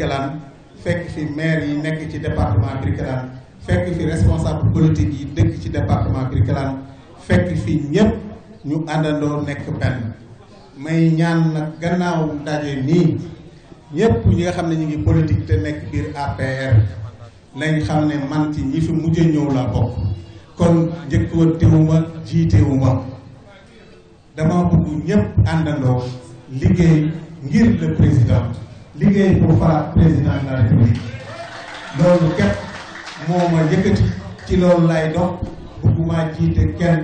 Birkelane fekk fi maire yi nekk ci département Birkelane fekk fi responsable politique yi dëkk ci département Birkelane fekk fi ñépp ñu àndandoo nekk benn may ñaan nag gannaaw daje nii ñépp ñi nga xam ne ñu ngi politique te nekk biir APR lañ xam ne man ci ñi fi mujj ñëw la bokk kon njëkkantewuma jiitewuma dama bëgg ñépp àndandoo liggéey ngir le président liggéey pour falaat président de la république loolu képp moo ma yëkkati ci loolu lay dox bëgguma jiite kenn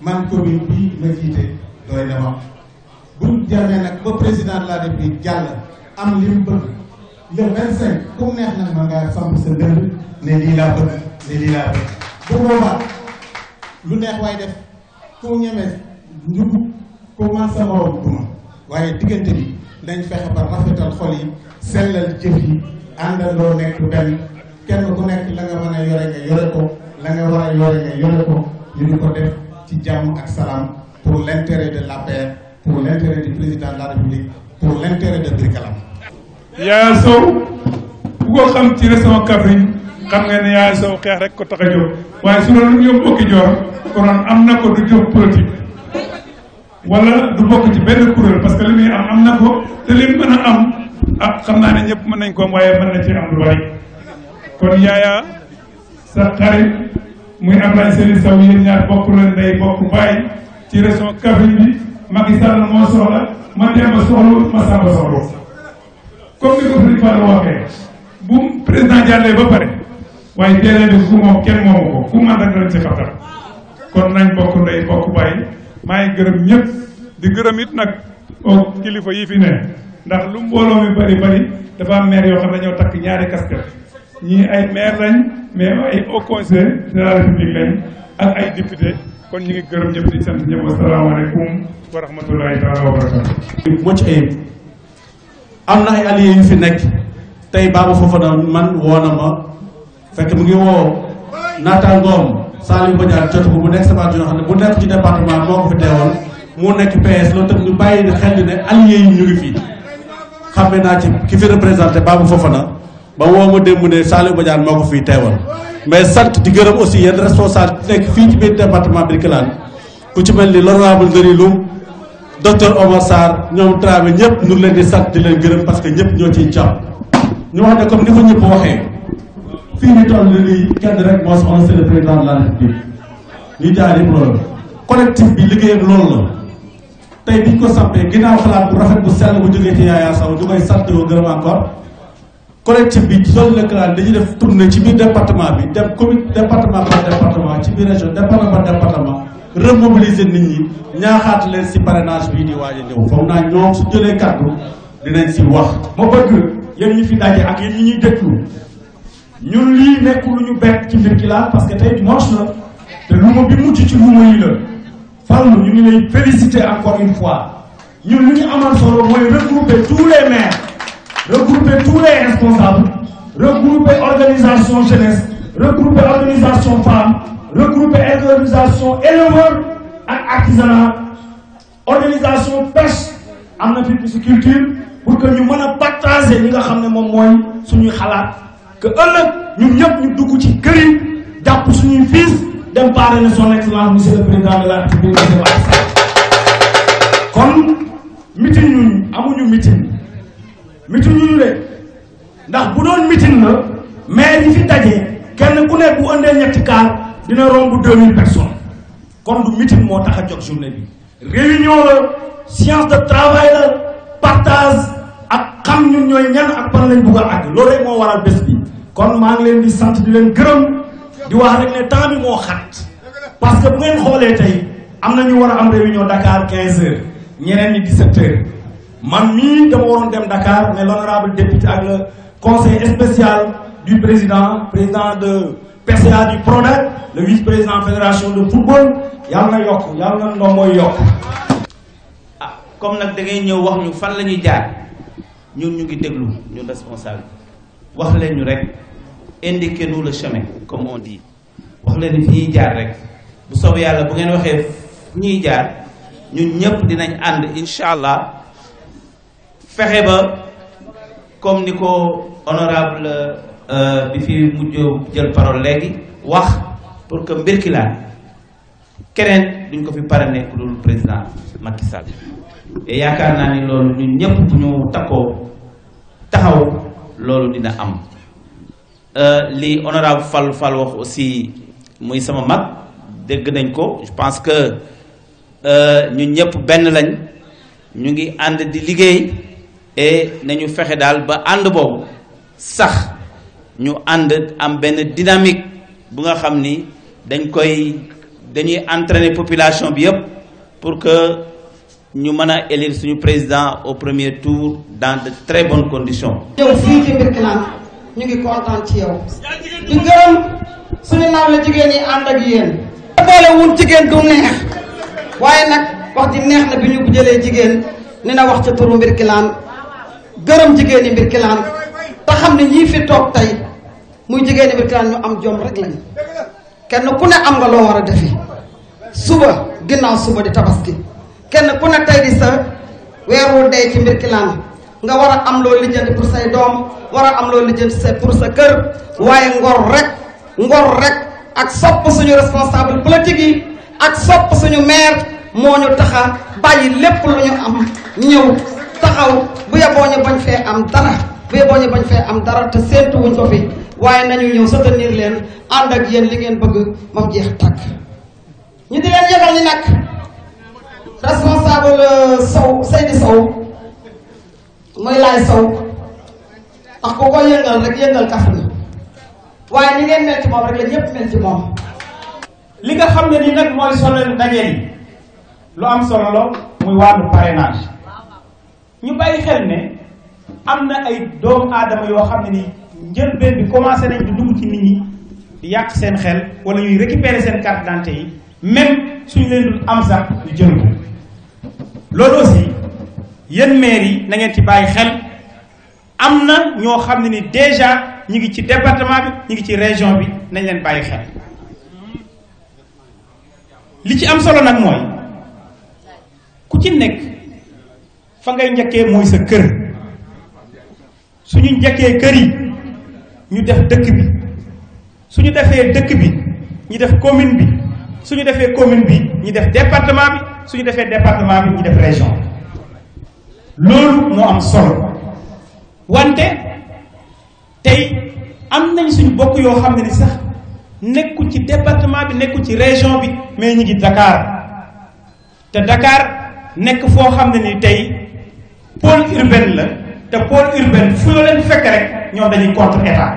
man commune bii ma jiite doy na ma jarmee nag ba président de la république jàll am li bëgg le vingt cinq neex nag ma ngaa samp sa dënd ne lii laa bëgg ne lii laa bëgg bu boobaa lu neex waaye def ku ñeme njub ku man sa morom duma waaye diggante bi nañ fexe ba rafetal xol yi sellal jëf yi àndandoo nekk benn kenn ku nekk la nga mën a yore nga yore ko la nga war a yore nga yore ko ñu ko def ci jàmm ak salaam pour l'intérêt de la paix pour l'intérêt du président de la république pour l'intérêt de Brikalam. Yaya Sow ku xam ci région Kaffrine xam nga ne Yaya Sow xeex rek ko tax a jóg waaye su doon ñëw mbokki joor konoon am na ko du jóg politique. wala du bokk ci benn kuréel parce que li muy am am na ko te li mën a am ah xam naa ne ñëpp mën nañ ko am waaye mën na ci am lu ñaar bokk leen day bokk bàyyi ci région Kaffrine bi Macky Sall moo soxla ma Demba soxlu ma Samba soxlu comme ni ko Serigne Fallou waxee bu président jàllee ba pare waaye terrain bi ku moom kenn moomu ko ku man rek ci xatar kon nañ bokk ndey bokk bàyyi maa ngi gërëm ñëpp di gërëm it nag oh. kilifa yi fi ne ndax lu mbooloo mi bari bari dafa am maire yoo xam ne ñoo takk ñaari casquette ñii ay maire lañ mais ay au conseil de la république lañ ak kon ñu ngi gërëm ñëpp mucc ayib am na ay alliés yu fi nekk tey Babou Fofana man woo fekk mu ngi woo Naata Ngom Saliou Badiane jot ko mu nekk semence yoo xam ne bu nekk ci département moo ko fi teewoon mu nekk PS loolu tam ñu bàyyi xel ne allié yi ñu ngi fii xamee naa ci ki fi représenté Babou Fofana ba woo ma démb ne Saliou Badiane moo ko fii teewal mais sant di gërëm aussi yenn responsable nekk fii ci biir département Birkelane ku ci mel ni l'honorable Nderi Loum docteur Omar Sarr ñoom Traoré ñëpp ñu ngi leen di sant di leen gërëm parce que ñëpp ñoo ciy fii ñu toll nii kenn rek moo soxla c'est le président de la république ñu jaari problème collectif bi liggéeyam loolu la tey biñ ko sampee ginnaaw xalaat bu rafet bu sell bu jógee ci Yaya ñu koy sant yoo gërëm encore collectif bi sol lëkkalaat def tournée ci biir département bi dem comité département par département ci biir région département par remobiliser nit ñi ñaaxaat leen si parrainage bii di waaj a ñëw foog naa ñoom su jëlee kàddu dinañ si wax ma ñun lii nekk lu ñu bett ci mbir la parce que tey dimanche la te luuma bi mucc ci luuma yi la Fallou ñu ngi lay encore une fois ñu amal solo mooy regrouper tous les maires regrouper tous les responsables regrouper organisation jeunesse regrouper organisation femme regrouper organisation éleveur ak artisanat organisation pêche am na fi culture pour que ñu mën a partager li nga xam ne moom mooy suñuy xalaat. que ëllëg ñun ñëpp ñu dugg ci kër yi jàpp suñuy fils dem parrainer son excellence monsieur le président de la république kon meeting ñun amuñu meeting meeting ñu de ndax bu doon meeting la maire yi fi daje kenn ku ne bu ëndee ñetti kaar dina romb 2000 personnes kon du meeting moo tax a jot journée bi réunion la séance de travail partage ak xam ñun ñooy ñan ak ban lañ bugg a loolu rek moo waral bés bi. kon maa ngi leen di sant di leen gërëm di wax rek ne temps bi moo xat parce que bu ngeen xoolee tey am na ñu war a am réunion Dakar 15 heures ñeneen ñi 17 heures man mii dama waroon dem Dakar mais l'honorable député ak le conseil spécial du président président de PCA du PRODAC le vice-président fédération de football yàlla na yokk yàlla na ndoo mooy yokk ah comme nag da ngay ñëw wax ñu fan la ñuy jaar ñun ñu ngi déglu ñun responsable wax leen indiquez-nous le chemin comme on dit wax leen fi ñuy jaar rek bu soobee yàlla bu ngeen waxee fu ñuy jaar ñun ñëpp dinañ ànd incha allah fexe ba comme ni ko honorable euh, bi fi mujj jël parole léegi wax pour que Mbirkilaan keneen duñ ko fi pare nekk loolu président Macky Sall te yaakaar naa ni loolu ñun ñëpp ñu takkoo taxaw loolu dina am. Euh, li honorable Fall Fall wax aussi muy sama mag dégg nañ ko je pense que euh, ñu ñëpp benn lañ ñu ngi ànd di liggéey et nañu fexe daal ba ànd boobu sax ñu ànd am benn dynamique bu nga xam ni dañ koy dañuy entraîner population bi yëpp pour que ñu mën a élire suñu président au premier tour dans de très condition ñu ngi kontaan ci yow di gërëm suñu naaw la jigéen ñi ànd ak yéen boole wun jigéen du neex waaye nag wax ji neex na bi ñu jëlee jigéen ni na wax ci turu mbir gërëm jigéen yi mbir kilaan te xam ne ñii fi toog tey muy jigéen yi mbir ñu am jom rek lañu kenn ku ne am nga loo war a def defi suba ginnaaw suba di tabaski kenn ku ne tey di sa weerul dee ci mbir nga war a am loo lijjanti pour say doom war a am loo lijjanti sa pour sa kër waaye ngor rek ngor rek ak sopp suñu responsable politique yi ak sopp suñu maire moo ñu taxa bàyyi lépp lu ñu am ñëw taxaw bu yeboo ñu bañ fee am dara bu yeboo ñu bañ fee am dara te séentu wuñ ko fi waaye nañu ñëw soutenir leen ànd ak yéen li ngeen bëgg moom jeex tàkk ñu di leen yëgal ni nag responsable euh, Sow Seydi Sow muy laay sow ndax ku ko yëngal rek yëngal kaf na waaye ni ngeen mel ci moom rek la ñëpp ci moom li nga xam ne nii nag mooy solo daje yi lu am solo la muy wàllu parrainage ñu bàyyi xel ne am na ay doomu aadama yoo xam ne nii njëlbeen bi commencé nañ di dugg ci nit ñi di yàq seen xel wala ñuy récupérer seen carte d'identité yi même suñu leen dul am sax ñu jël loolu aussi yéen maire yi na ci bàyyi xel am na ñoo xam ne ni déjà ñu ngi ci département bi ñi ngi ci région bi nañ leen bàyyi xel li ci am solo nag mooy ku ci nekk fa ngay njëkkee mooy sa kër suñu njëkkee kër yi ñu def dëkk bi suñu defee dëkk bi ñu def commune bi suñu defee commune bi ñu def département bi ñu defee département bi ñu def région loolu moo am solo wante tey am nañ suñ bokk yoo xam ne ni sax nekku ci departement bi nekku ci région bi mais ñu ngi Dakar te dakaar nekk foo xam ne ni tey pôle urbain la te pôle urbain fu yoo leen fekk rek ñoom dañuy contre état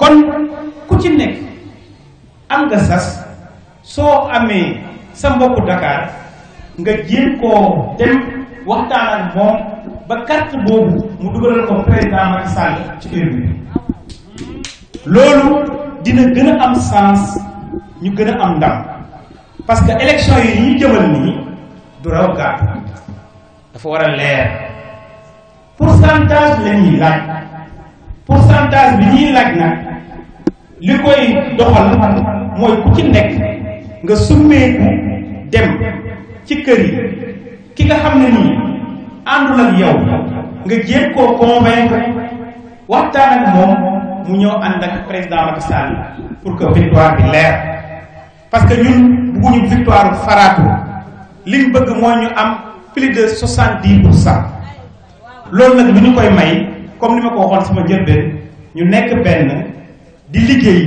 kon ku ci nekk am nga sas soo amee sa mbokku Dakar nga jéem koo dem waxtaan ak moom ba carte boobu mu dugalal ko président Macky ci kër bi loolu dina gën a am sens ñu gën a am ndam parce que élection yi ñu jëmal nii du raw gàtt dafa war a leer pourcentage la ñuy laaj pourcentage bi ñuy laaj nag li koy doxal mooy ku ci nekk nga summeeku dem ci kër yi ki nga xam ne nii àndul ak yow nga jéem koo convaincre waxtaan ak moom mu ñëw ànd ak président Macky Sall pour que victoire bi leer parce que ñun bugguñu victoire faraatu liñ bëgg mooy ñu am plus de soixante dix pour cent loolu nag lu ñu koy may comme ni ma ko waxoon sama njëlbeen ñu nekk benn di liggéey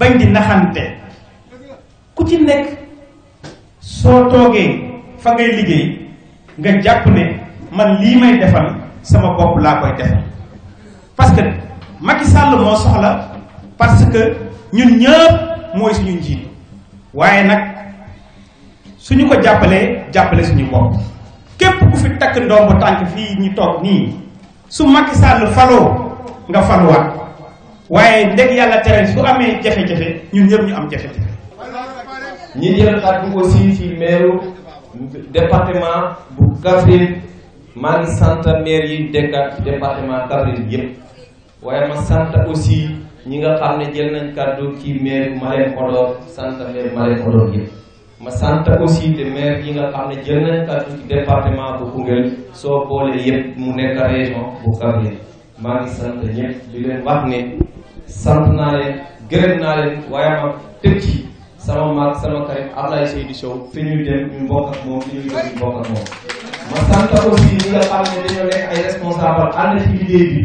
bañ di naxante ku ci nekk soo toogee fa ngay liggéey nga jàpp ne man lii may defal sama bopp laa koy defal parce que Macky Sall moo soxla parce que ñun ñëpp mooy suñu njiit waaye nag suñu ko jàppalee jàppale suñu bopp képp ku fi takk ndomb tànk fii ñu toog nii su Macky Sall faloo nga faluwaat waaye ndeg yàlla tere su amee jafe-jafe ñun ñëpp ñu am jafe-jafe. ñi jël xar aussi fii meeru. département bu Kaffrine maa ngi sant maire yi dëkkaat ci département yépp waaye ma sant aussi ñi nga xam ne jël nañ kàddu ci maire Malem Hodar sant maire Malem Hodar yépp ma sant aussi te maire yi nga xam ne jël nañ kàddu ci département bu Koungheul soo boole yépp mu nekk région bu Kaffrine maa ngi sant ñépp di leen wax ne sant naa leen gërëm naa leen waaye ma tëj ci sama mag sama xarit Ablaye Seydou Sow fi ñuy dem ñu bokk ak moom fi ñuy dem ñu bokk ak moom. ma sant aussi ñi nga xam ne dañoo nekk ay responsable ànd ci liggéey bi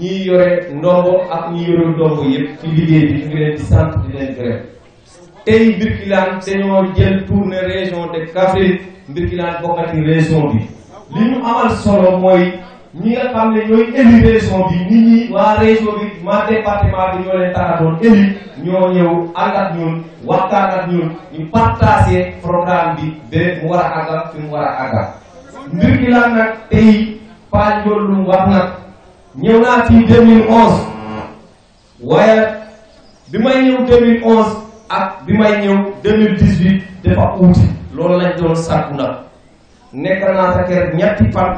ñiy yore ndombo ak ñi yore ndombo yëpp ci liggéey bi ñu ngi leen di sant di leen gërëm. tey Birkilane dañoo jël tournée région de Kaffrine Birkilane bokkati région bi li ñu amal solo mooy ñi nga xam ne ñooy élu région bi nit ñi waa région bi ma département bi ñoo leen tax a doon élu. ñoo ñëw ànd ak ñun waxtaan ak ñun ñu partagé programme bi ba mu war a àggal fi mu war a àggal mbir mi lan nag tey Pa Ndiol lu wax nag ñëw naa fii 2011 waaye bi may ñëw 2011 ak bi may ñëw 2018 dafa uuti loolu lañ doon sàkku nag nekk naa sa kër ñetti fan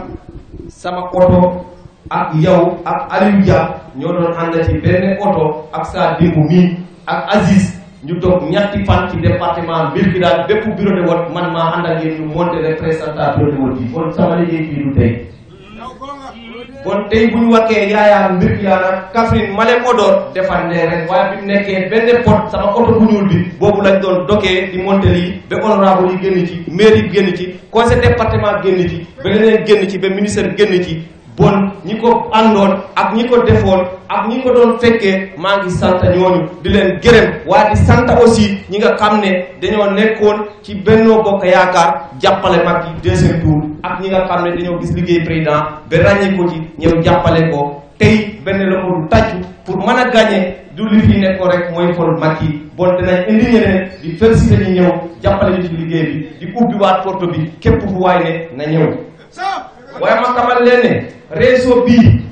sama oto ak yow ak Aliou ñoo doon ànd ci benn oto ak saa dimbu mii ak Aziz ñu dog ñetti fan ci département Birkila bépp bureau de vote man maa ànd ak yéen ñu monté représentant bureau de vote yi kon sama liggéey fii du tey kon tey bu ñu waxee yaayaa Birkila nag Kaffrine Malem Hodar defandee rek waaye bi mu nekkee benn pot sama oto bu ñuul bi boobu lañ doon dokee di monté lii ba honorable yi génn ci mairie génn ci conseil département génn ci ba leneen génn ci ba ministère génn ci bon ñi ko àndoon ak ñi ko defoon ak ñi ko doon fekkee maa ngi sant ñooñu di leen gërëm waaye di sant aussi ñi nga xam ne dañoo nekkoon ci Benno Bokk Yaakaar jàppale mag yi deuxième tour ak ñi nga xam ne dañoo gis liggéey président ba ràññee ko ci ñëw jàppale ko tey benn la ko du tàccu pour mën a gagné du li fi nekkoon rek mooy kon mag yi bon dinañ indi ñeneen di félicité ñi ñëw jàppale ñu ci liggéey bi di ubbi waat porte bi képp fu waay ne na ñëw réseau bii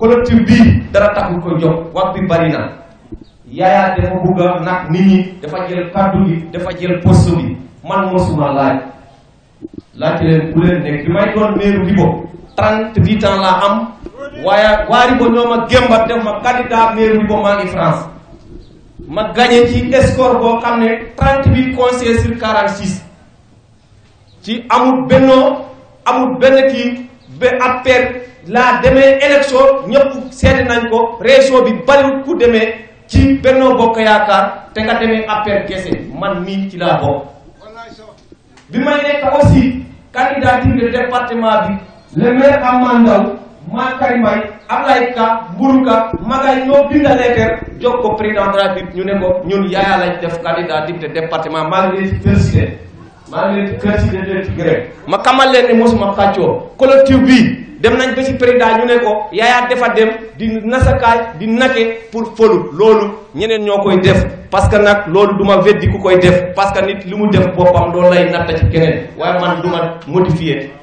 collectif bii dara taxul ko jox wax bi bari na yaayaa dafa bugg a nag nit ñi dafa jël kàddu bi dafa jël poste bi man mosuma laaj laajte leen ku leen nekk bi may doon meeru Ribo trente-huit ans laa am waaye waa Ribo ñoo ma gémbat def ma candidat meeru Ribo maa ngi France ma gagné ci score boo xam ne trente-huit conseillers sur quarante-six ci amul bennoo amul benn kii ba APR laa demee élection ñëpp seeti nañ ko région bi bariwul ku demee ci Benno Bokk Yaakaar te nga demee APR kese man mii ci laa bokk. bi ma nekk aussi candidature de département bi le maire Amman Ndao maa Karim Mbaye Ablaye Ka Mbour Ka Magay ñoo binda lettre jox ko président de ñu ne ko ñun Yaya lañ def candidature de département maa ngi leen di félicité maa ngi leen di kër si déedéet ci grec ma xamal leen ni mosuma xàccoo collectif bii dem nañ ba ci président ñu ne ko yaayaa defa dem di nasakaay di nake pour folu loolu ñeneen ñoo koy def parce que nag loolu du ma weddi ku koy def parce que nit li mu def boppam loolu lay natta ci keneen waaye man du ma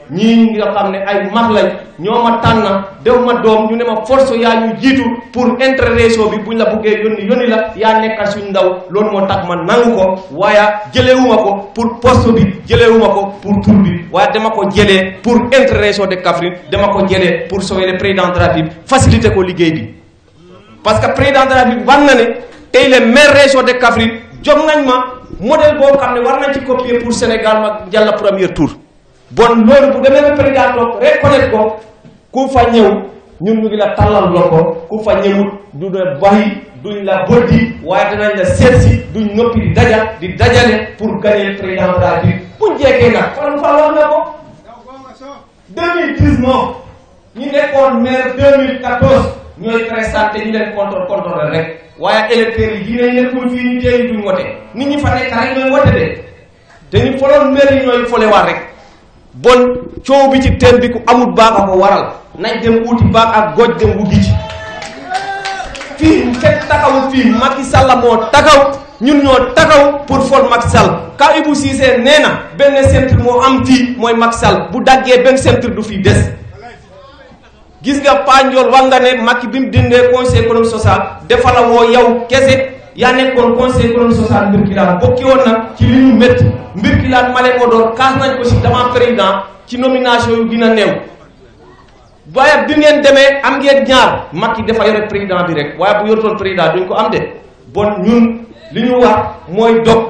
ñii nga xam ne ay mag lañ ñoo ma tànn def ma doom ñu ne ma force yaa ñu jiitu pour intérêt réseau bi buñ la buggee yónni yónni la yaa nekkal suñ ndaw loolu moo tax ma nangu ko waaye jëleewuma ko pour poste bi jëleewuma ko pour tur bi waaye dama ko jëlee pour intérêt réseau de Kaffrine dama ko jële pour sauver président de la ko liggéey bi parce que président de la République na ne tey le maire réseau de Kaffrine jox nañ ma modèle boo xam ne war nañ ci copier pour Sénégal ma jàll premier tour bon loolu bu demee ba président toog reconnaître ko ku fa ñëw ñun ñu ngi la tàllal loxo ku fa ñëwul du la bàyyi duñ la boddi waaye danañ la seet si duñ noppi di daja di dajale pour gagner président de la République buñ jekkee nag fan faloon na ko 2019 ñu nekkoon maire 2014 ñooy présenté ñu leen contrôle contrôle rek waaye électeurs yi yi nañ fii ñu teeyi duñ wote nit ñi fa nekk rek ñooy wote de te ñu foloon maire yi ñooy folewaat bon coow bi ci teen bi ku amul baax a waral nañ dem wuti baax ak goj dem wuti ci fii fekk taxawu fii Macky Sall moo taxaw ñun ñoo taxaw pour for Macky Sall ka Ibou Cissé nee na benn centre moo am fii mooy Macky Sall bu daggee benn centre du fi des gis nga Pandiol wax nga ne Macky bi mu dindee conseil économique social dafa la woo kese yaa nekkoon conseil économique social Mbirkilaan bokki woon nag ci li ñu métti Mbirkilaan Malem Hodar kaas nañ ko si devant président ci nomination yu gën a néew. waaye bi ngeen demee am ngeen ñaar Macky dafa yore président bi rek waaye bu yortoon président duñ ko am de bon ñun li ñu wax mooy dog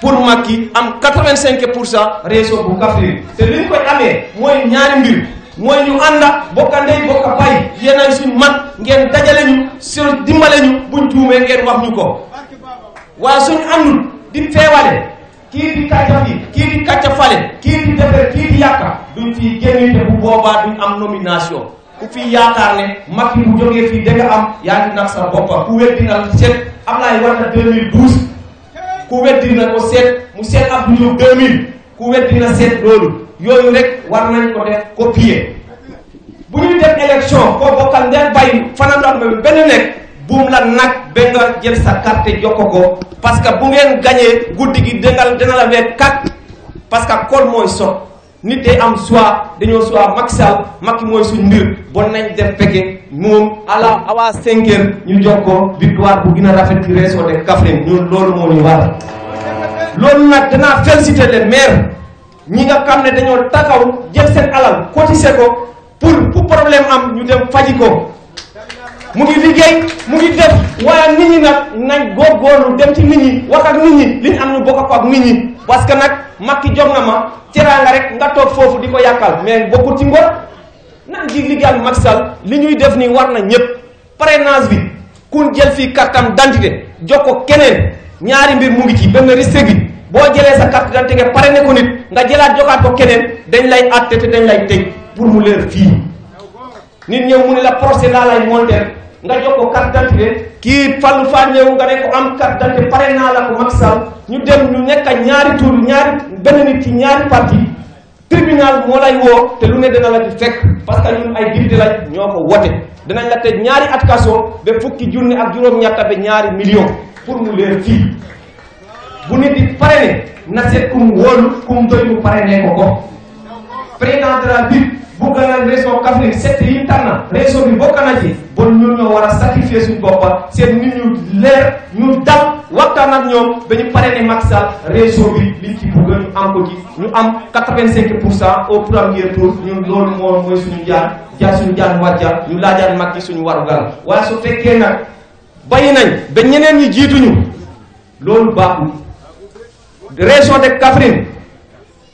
pour Macky am 85 pour cent réseau bu Kaffrine te li ñu koy amee mooy ñaari mbir. mooy ñu ànda bokka ndey bokka bay yéenay suñu mat ngeen dajale ñu sur dimmale ñu buñ juumee ngeen wax ñu ko waaye suñu àndul di feewale kii di kàcca kii di kàcca fale kii di defar kii di yàkka duñ fii génn te bu boobaa duñ am nomination ku fi yaakaar ne Macky bu jógee fii da nga am yaa ngi nag sa boppa ku weddi na seet Ablaye Wade 2012 ku weddi na seet mu seet ab bu ñëw 2000 ku weddi na seet loolu yooyu rek war nañ ko def copier bu ñu def élection koo bokkal ngeen bàyyi fanaan bi benn nekk buum la nag ba jël sa carte jox ko ko parce que bu ngeen gañee guddi gi dangal dana la wekk kat parce que kon mooy sot nit day am soit dañoo soit Macky Sall Macky mooy suñ mbir bon nañ def fekke moom ala awa cinq ñu jox victoire bu gën a rafet ci de Kaffrine ñun loolu moo ñu war loolu nag danaa féliciter le maire ñi nga xam ne dañoo taxaw jël seen alal cotiser ko pour bu problème am ñu dem faji mu ngi liggéey mu ngi def waaye nit ñi nag nañ góorgóorlu dem ci nit ñi wax ak nit ñi li ñu am ñu bokk ko ak nit ñi parce que nag makki jom na ma teraanga rek nga toog foofu di ko yàqal mais bokkul ci ngor nan di liggéeyal Macky Sall li ñuy def nii war na ñëpp parrainage bi kun jël fii kartam d'identité jox ko keneen ñaari mbir mu ngi ci benn risque boo jëlee sa carte d'identité pare ne ko nit nga jëlaat joxaat ko keneen dañ lay àtte te dañ lay tëj pour mu leer fii nit ñëw mu ne la procès laa lay monter nga jox ko carte d'identité kii fàllu faa ñëw nga ne ko am carte d'identité pare naa la ko Macky Sall ñu dem ñu nekk ñaari tur ñaari benn nit ci ñaari parti tribunal moo lay woo te lu ne dana la ci fekk parce que ñun ay député lañ ñoo ko wote danañ la te ñaari at kaso ba fukki junni ak juróom-ñett ba ñaari million pour mu fii bu nit di parrainé na seet ku mu wóolu doy mu parrainé ko ko président de la République bu gënal région Kaffrine sett yi mu tànn région bi bokk na ci bon ñun ñoo war a sacrifier suñu boppa seen nit ñu leer ñu dam waxtaan ak ñoom ba ñu parrainé Macky Sall région bi liñ ci bëgg ñu am ko ci ñu am 85 pour cent au premier tour loolu moo mooy suñu jaar jaar suñu jaar wàcca ñu laajaan mag yi suñu warugal waaye su fekkee nag bàyyi nañ ba ñeneen ñi jiituñu région de Kaffrine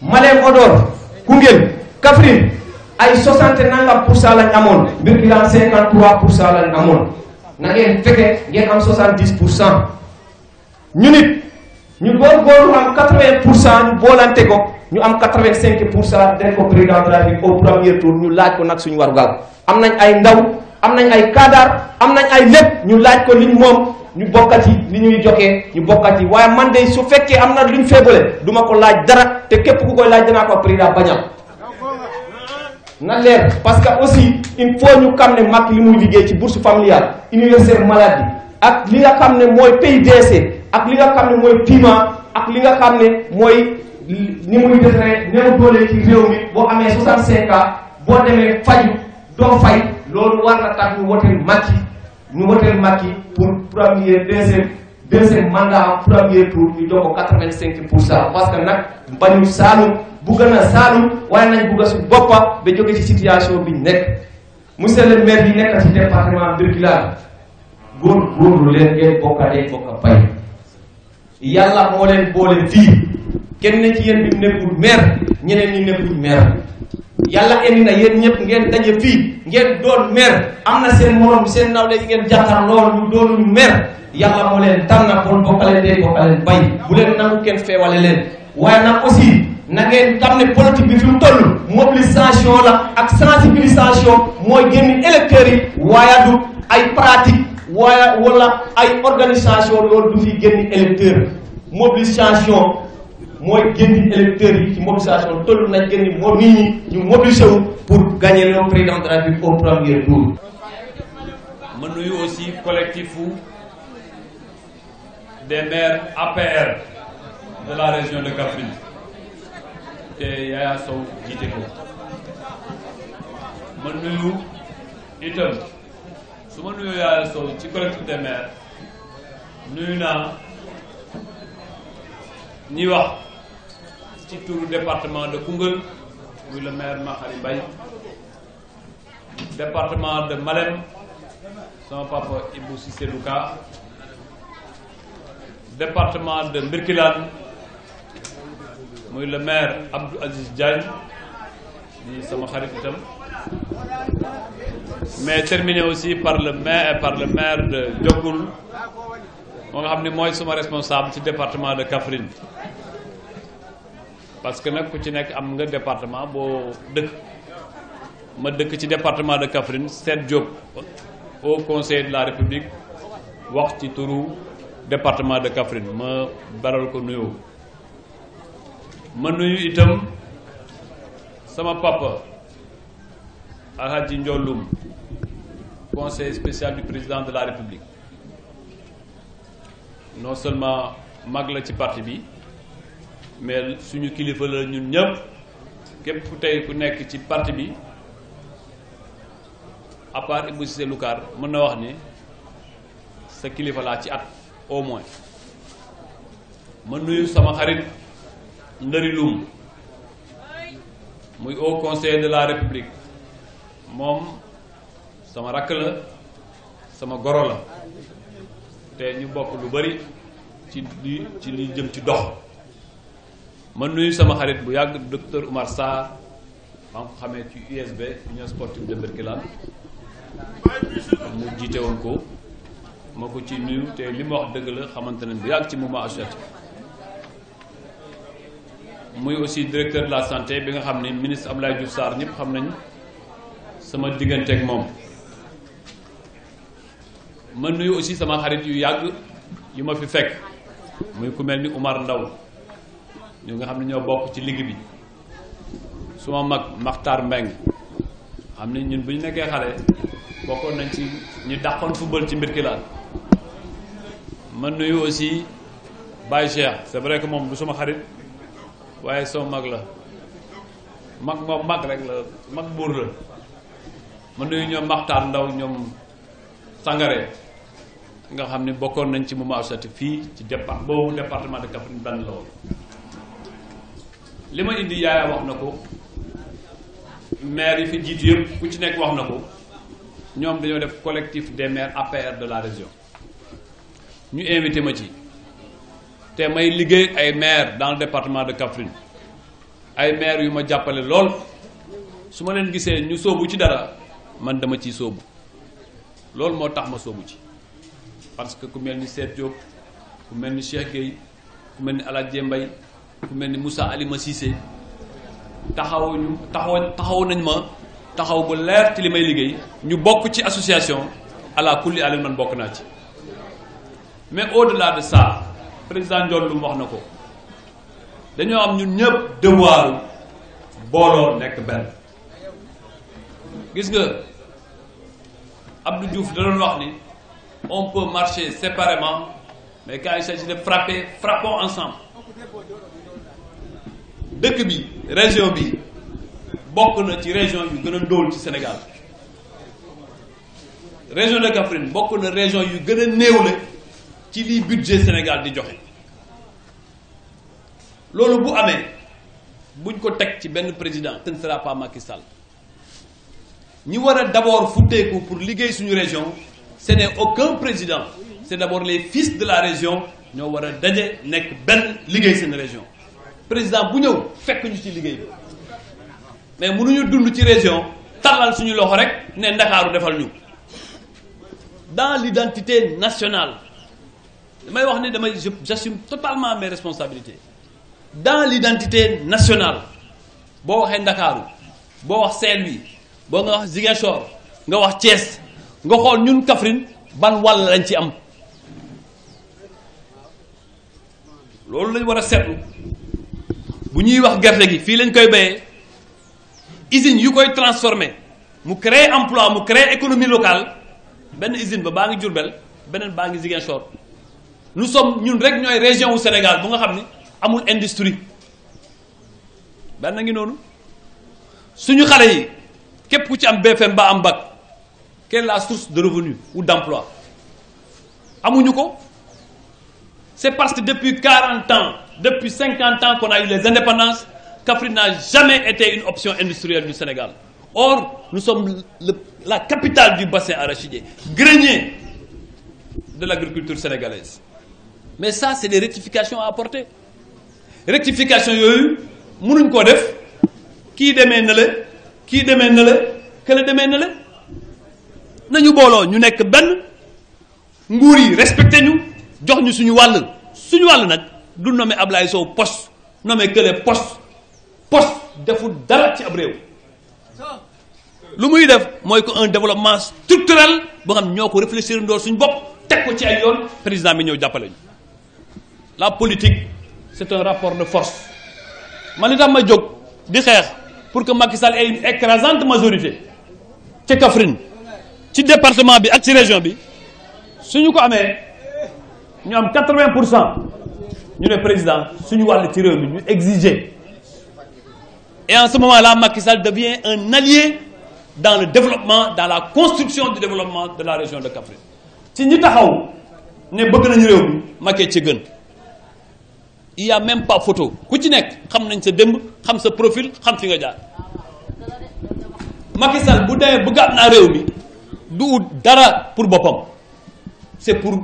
Malem Odor Koungheul Kaffrine ay 60 nangam pour cent lañ amoon Birkelane 53 pour cent lañ amoon na ngeen fekke ngeen am 70 pour cent ñu nit ñu góorgóorlu am 80 pour cent ñu boolante ko ñu am 85 pour cent def ko président de la République au premier ñu laaj ko nag suñu warugal am nañ ay ndaw am nañ ay kaadaar am nañ ay lépp ñu laaj ko liñ moom. ñu yi li ñuy jokkee ñu bokkati waaye man de su fekkee am na luñ feebale duma ko laaj dara te képp ku koy laaj danaa ko président bañal na leer parce que aussi il faut ñu xam ne mag li muy liggéey ci bourse familiale universitaire maladie ak li nga xam ne mooy PIDC ak li nga xam ne mooy piment ak li nga xam ne mooy ni muy defaree néew doole ci réew mi boo amee 65 ans boo demee faju doo fay loolu war na tax ñu wote Macky ñu woteel Macky pour premier deuxième deuxième mandat premier tour ñu jox ko quatre-vingt-cinq pour cent parce que nag bañu Saalum bugg na Saalum waaye nañ bugg a su boppa ba jóge ci situation bi nekk monsieur le maire yi nekk ci département Birkelane góor góorlu leen ngeen bokka dee bokka bay yàlla moo leen boole fii kenn ci yéen bi nekkul maire ñeneen ñi nekkul maire yàlla indi na yéen ñëpp ngeen daje fii ngeen doon mer am na seen morom seen nawle yi ngeen jàkkaar lool ñu doonuñu mer yàlla moo leen tànn na pour bokkaleen dee bokkaleen bay bu leen nangu kenn feewale leen waaye na aussi na ngeen xam ne politique bi fi mu toll mobilisation la ak sensibilisation mooy génn électeurs yi waaye du ay pratique waaye wala ay organisation loolu du fi génn électeur mobilisation mooy génn électeurs yi ci mobilisation toll nañ gën moom nit ñi ñu mobilisé wu pour gagner le président de la République au ma nuyu aussi collectif des maires APR de la région de Kaffrine te Yaya Sow jiite ko ma nuyu itam su ma nuyu Yaya Sow ci collectif des maires nuyu naa ñi wax. ci turu département de Koungheul muy le maire Makhari Mbaye département de Malem sama papa Ibou Cissé Louka département de Mbirkilane muy le maire Abdou Aziz Diagne di sama xarit itam mais terminé aussi par le maire par le maire de Diokoul moo nga xam ni mooy suma responsable ci département de Kaffrine parce que nag ku ci nekk am nga département boo dëkk ma dëkk ci département de Kaffrine Seth Diop au conseil de la République wax ci turu département de Kaffrine ma baral ko nuyoo ma nuyu itam sama papa Alhaji Ndiolloum conseil spécial du président de la République non seulement mag la ci parti bi mais suñu kilifa la ñun ñëpp képp ku tey ku nekk ci parti bi à part si Cissé mën na wax ni sa kilifa laa ci at au moins mën nuyu sama xarit Ndari Loum muy Haut Conseiller de la République moom sama rakk la sama goro la te ñu bokk lu bari ci li ci li jëm ci dox man nuyu sama xarit bu yàgg docteur Oumar Sarr maa ngi ko xamee ci USB Union Sportive de Berkelane mu jiite woon ko ma ko ci nuyu te li ma wax dëgg la xamante ne bu yàgg ci mouvement associatif muy aussi directeur de la santé bi nga xam ne ministre Abdoulaye Diouf saar ñëpp xam nañ sama diggante ak moom mën nuyu aussi sama xarit yu yàgg yu ma fi fekk muy ku mel ni Oumar Ndaw ñu nga xam ne ñoo bokk ci liggéey bi su ma mag maxtar Mbeng xam ne ñun bu ñu nekkee xale bokkoon nañ ci ñu dàqoon football ci mbir ki laal man nuyu aussi Baye Cheikh c'est vrai que moom du suma xarit waaye soo mag la mag moom mag rek la mag buur la man nuyu ñoom Makhtar Ndaw ñoom Sangare nga xam ne bokkoon nañ ci mouvement associatif fii ci départ boobu département de Kaffrine benn la li ma indi yaaya wax na ko maire yi fi jiitu yëpp ku ci nekk wax na ko ñoom dañoo def collectif des maire APR de la région ñu invité ma ci te may liggéey ay maire dans le département de Kaffrine ay maire yu ma jàppale lool su ma leen gisee ñu soobu ci dara man dama ciy sóobu loolu moo tax ma soobu ci parce que ku mel ni Seet Diop ku mel ni Cheikh Gueye ku mel ni Alaaji Mbay ku mel ni Moussa Alima Cissé taxaw ñu taxaw taxaw nañ ma taxaw bu leer ci li may liggéey ñu bokk ci association ala kulli alin man bokk naa ci mais au de delà de ça président Ndiol lu wax na ko dañoo am ñun ñëpp devoiru booloo nekk benn gis nga Abdou Diouf da doon wax ni on peut marcher séparément mais quand il s'agit de frapper frappons ensemble dëkk bi région bi bokk na ci région yu gën a ndóol ci Sénégal région de Kaffrine bokk na région yu gën a néewle ci lii budget Sénégal di joxe loolu bu amee buñ ko teg ci benn président ce ne sera pas Macky Sall ñi war a d'abord futteeku pour liggéey suñu région ce n'est aucun président c'est d'abord les fils de la région ñoo war a daje nekk benn liggéey seen région président bu ñëw fekk ñu ci liggéey bi mais mënuñu dund ci région tàllal suñu loxo rek ne ndakaaru defal ñu dans l'identité nationale damay wax ne damay j'assume totalement mes responsabilité dans l'identité nationale boo waxee ndakaaru boo wax Saint-Louis boo nga wax Ziguinchor nga wax Thiès nga xool ñun Kaffrine ban wàll lañ ci am loolu lañ war a seetlu bu ñuy wax gerte gi fii lañ koy béyee usine yu koy transformé mu créer emploi mu créer économie locale benn usine ba baa ngi Diourbel beneen baa ngi Ziguinchor lu sommes ñun rek ñooy région wu Sénégal bu nga xam ni amul industrie benn ngi noonu suñu xale yi képp ku ci am BFM ba am bac quelle la source de revenu ou d'emploi amuñu ko c'est parce que depuis 40 ans depuis cinquante ans qu'on a eu les indépendances, Kaffrine n'a jamais été une option industrielle du Sénégal. Or, nous sommes le, la capitale du bassin arachidier, grenier de l'agriculture sénégalaise. Mais ça, c'est des rectifications à apporter. rectification yooyu mënuñ koo def kii demee na la kii demee na la kële demee na la nañu booloo ñu nekk benn nguur yi respecté ñu jox ñu suñu wàll suñu wàll nag du nommé Ablaye Sow poste nommé Kële post post deful dara ci ab réew lu muy def mooy ko un développement structurel boo xam ñoo ko réfléchir ndoor suñu bopp teg ko ci ay yoon président bi ñëw jàppale ñu la politique c'est un rapport de force man li tax ma jóg di xeex pour que Macky ay ait une écrasante majorité ci Kaffrine ci département bi ak ci région bi su ñu ko amee ñu am 80 pour cent ñu ne président su ñu wàll ci réew mi ñu exiger et en ce la là Macky Sall devient un allié dans le développement dans la construction du développement de la région de Kaffrine ci ñi taxaw ne bëgg nañu réew mi Macky ci gën il y a même pas photo ku ci nekk xam nañ sa démb xam sa profil xam fi nga jaar Macky Sall bu demee bëggaat naa réew mi du ut dara pour boppam c'est pour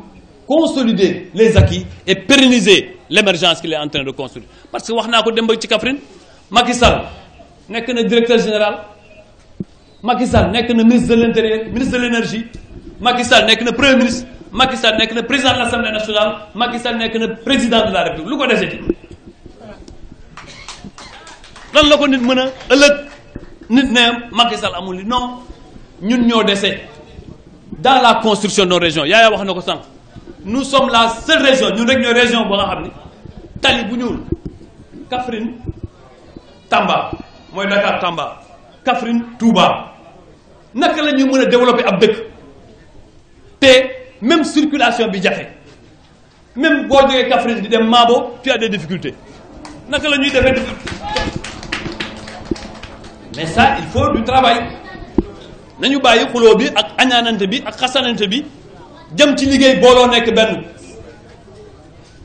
consolider les acquis et pérenniser l'émergence qu'il est en de construire parce que wax naa ko dem ba ci Kaffrine Macky Sall nekk na directeur général Macky Sall nekk na ministre de l'intérieur ministre de l'énergie Macky Sall nekk na premier ministre Macky Sall nekk na président de l'Assemblée nationale Macky Sall nekk na président de la République lu ko dese ci lan la ko nit mën a ëllëg nit ne Macky Sall amul li non ñun ñoo dese dans la construction de nos régions yaayaa wax na ko sànq nous sommes la seule région ñun rek ñooy région boo nga xam ni tali bu ñuul Kaffrine Tamba mooy Dakar Tamba Kaffrine Touba naka la ñuy mën a développer ab dëkk te même circulation bi jafe même boo jógee Kaffrine di dem Maabo tu as des difficultés naka la ñuy defee mais ça il faut du travail nañu bàyyi xuloo bi ak añaanante bi ak xasanante bi jëm ci liggéey booloo nekk benn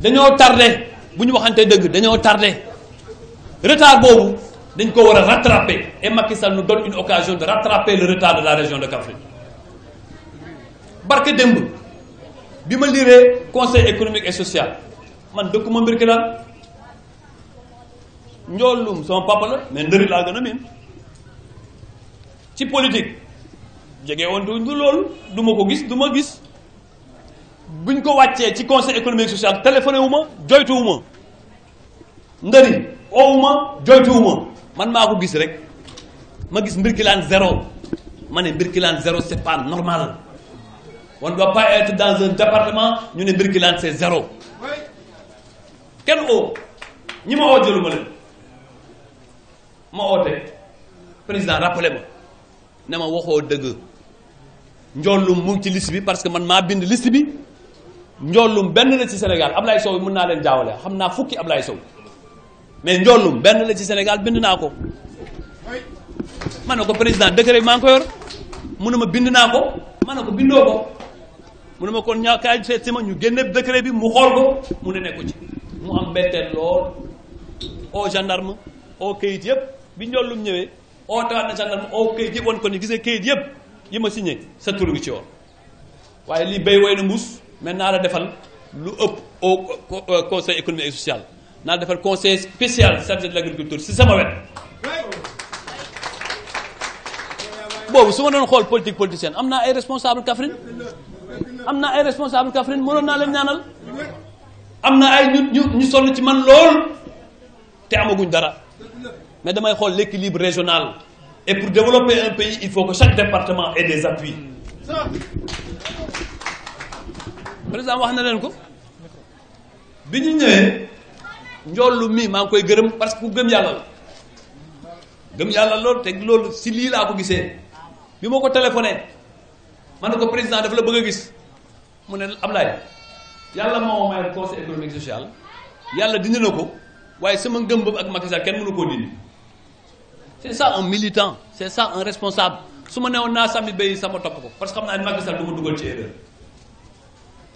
dañoo tardé bu ñu waxante dëgg dañoo tardé retard boobu dañ ko war a rattraper e Macky Sall nous donne une occasion de rattraper le retard de la région de Kaffrine barke démb bi ma liree conseil économique et social man dëkkuma Birkelane njoolum sama papa la mais ndëri laa gën a miin ci politique jege woon du loolu du ko gis du gis bu ñu ko wàccee ci conseil économique social téléphone wu ma joytuwu ma ndëri oowu ma joytuwu ma man maa ko gis rek ma gis Birkelane zéro ma ne Birkelane zéro c'est pas normal on doit pas être dans un département ñu ne Birkelane c'est zéro kenn oo ñi ma oo jëlu ma leen ma oote président rappelé ma ne ma waxoo dëgg njool lu mu ci liste bi parce que man maa bind list bi njollum benn la ci Sénégal Ablaye Sow mën naa leen jaawale xam naa fukki Ablaye Sow mais njollum benn la ci Sénégal bind naa ko ma ne ko président décret bi mu ne ma bind naa ko ma ne ko bindoo ko mu ne ma kon ñaa kaay ñu génne décret bi mu xool ko mu ne nekku ci mu am mbetteel lool au gendarme au kayit yëpp bi njollum ñëwee au tawaat na gendarme au kayit yëpp wan ko ni gisee kayit yëpp yi ma signé sa tur ngi ci woon waaye lii béy woy na mbuus mais naa la defal lu ëpp au euh, conseil économique et social naa la defal conseil spécial chargé de l' si sama wet boobu su ma doon xool politique politicienne am naa ay responsable Kaffrine am naa ay responsable Kaffrine mënoon naa leen ñaanal am na ay ñu ñu ñu sonn ci man lool te amaguñ dara mais damay xool l' équilibre régional et pour développer un pays il faut que chaque département et des appuis président wax na leen ko bi ñu ñëwee njoolu mii maa ngi koy gërëm parce que ku gëm yàlla la gëm yàlla loolu te loolu si lii laa ko gisee bi ma ko téléphoné man ne ko président dafa la bëgg a gis mu ne Ablaye yàlla moo may conseil économique social yàlla dindi na ko waaye sama ngëm boobu ak Macky Sall kenn mënu koo dindi c'est ça un militant c'est ça un responsable su ma newoon naa sàmmi béy sama topp ko parce que xam naa ne Macky Sall dugal ci erreur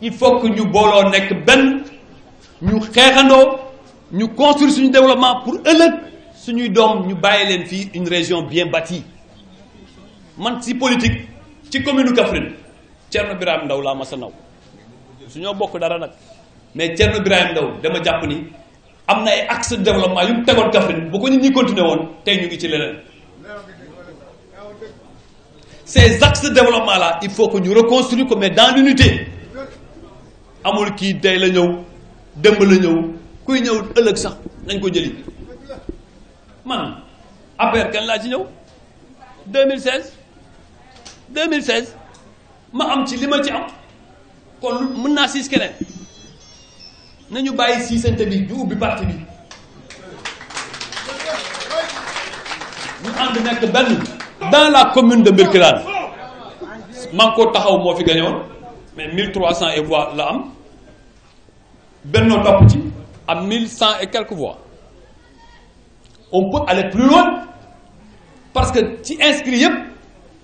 il faut que ñu booloo nekk benn ñu xeexandoo ñu construire suñu développement pour ëllëg suñuy doom ñu bàyyi leen fii une région bien bâtie man si politique ci commune Kaffrine Thierno Birame Ndaw laa mas a naw su bokk dara nag mais Thierno Birame Ndaw dama jàpp ni am na ay axe de développement yu mu tegoon Kaffrine bu ko nit ñi continuer woon tey ñu ngi ci leneen ces axes de développement là il faut que ñu reconstruire ko mais dans l'unité amul kii tey la ñëw démb la ñëw kuy ñëw ëllëg sax nañ ko jëli man affaire kan laa ci ñëw 2016 2016 ma am ci li ma ci am kon mën naa siis keneen nañu bàyyi siisante bi ñu ubbi parti bi ñu ànd nekk benn dans la commune de Birkelane man koo taxaw moo fi gañoon mais mille trois cent et vois la am Benno topp ci am mille cent et quelques voix on peut aller plus loin parce que ci inscrits yëpp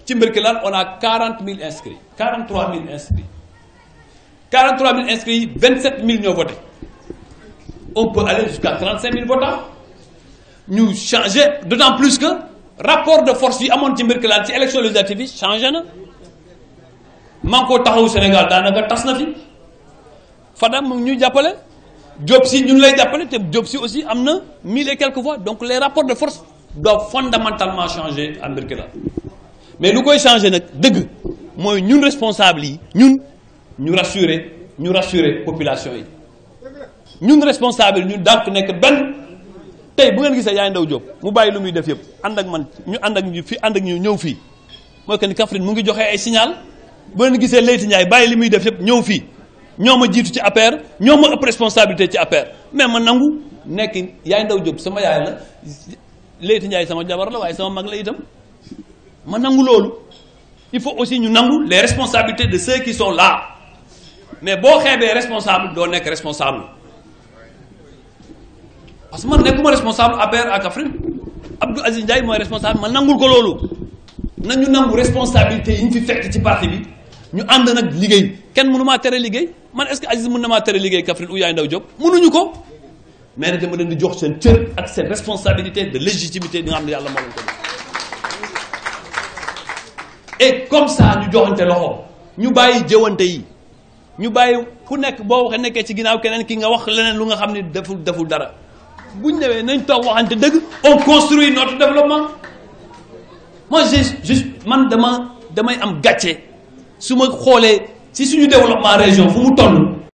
ci Mbirkilaan on a quarante mille inscrits quarante trois mille inscrits quarante trois mille inscrits yi vingt sept mille ñoo voté on peut aller jusqu'à trente cinq mille votants ñu changer d'autant plus que rapport de force yi amoon ci Mbirkilaan ci élection législative yi changé na man koo taxawu Sénégal daanaka tas na fi Fada mu ñuy jàppale Diop si ñu lay jàppale te Diop si aussi am na mille et quelques voix donc les rapports de force doivent fondamentalement changer à Birkila mais lu koy changer nag dëgg mooy ñun responsable yi ñun ñu rassurer ñu rassurer population yi ñun responsable yi ñu dànk nekk benn tey bu ngeen gisee yaay ndaw Diop mu bàyyi lu muy def yëpp ànd ak man ñu ànd ak ñu fi ànd ak ñu ñëw fii mooy que ni Kaffrine mu ngi joxe ay signal bu leen gisee Leyti Ndiaye bàyyi li muy def yëpp ñëw fii ñoo ma jiitu ci APR ñoo ma ëpp responsabilité ci APR mais ma nangu nekk yaay ndaw Diop sama yaay la Leyti Ndiaye sama jabar la waaye sama mag la itam ma nangu loolu il faut aussi ñu nangu les responsabilités de ceux qui sont là mais boo xeebee responsable doo nekk responsable parce que man nekkuma responsable APR à Kaffrine Abdou Aziz Ndiaye mooy responsable ma nangul ko loolu nañu nangu responsabilité yi ñu fi fekk ci parti bi. ñu ànd nag liggéey kenn mënu maa tere liggéey man est-ce que Aziz mën na maa tere liggéey Kaffrine ou Yaay Ndaw Diop mënuñu ko mais nag dama leen di jox seen cër ak seen responsabilité de légitimité bi nga xam ne yàlla moo leen ko def et comme ça ñu joxante loxo ñu bàyyi jëwante yi ñu bàyyi ku nekk boo waxee nekkee ci ginnaaw keneen ki nga wax leneen lu nga xam ne deful deful dara bu ñu ñëwee nañ toog waxante dëgg on construit notre développement moi j'ai juste man dama damay am gàcce. su ma xoolee ci suñu développement région fu mu toll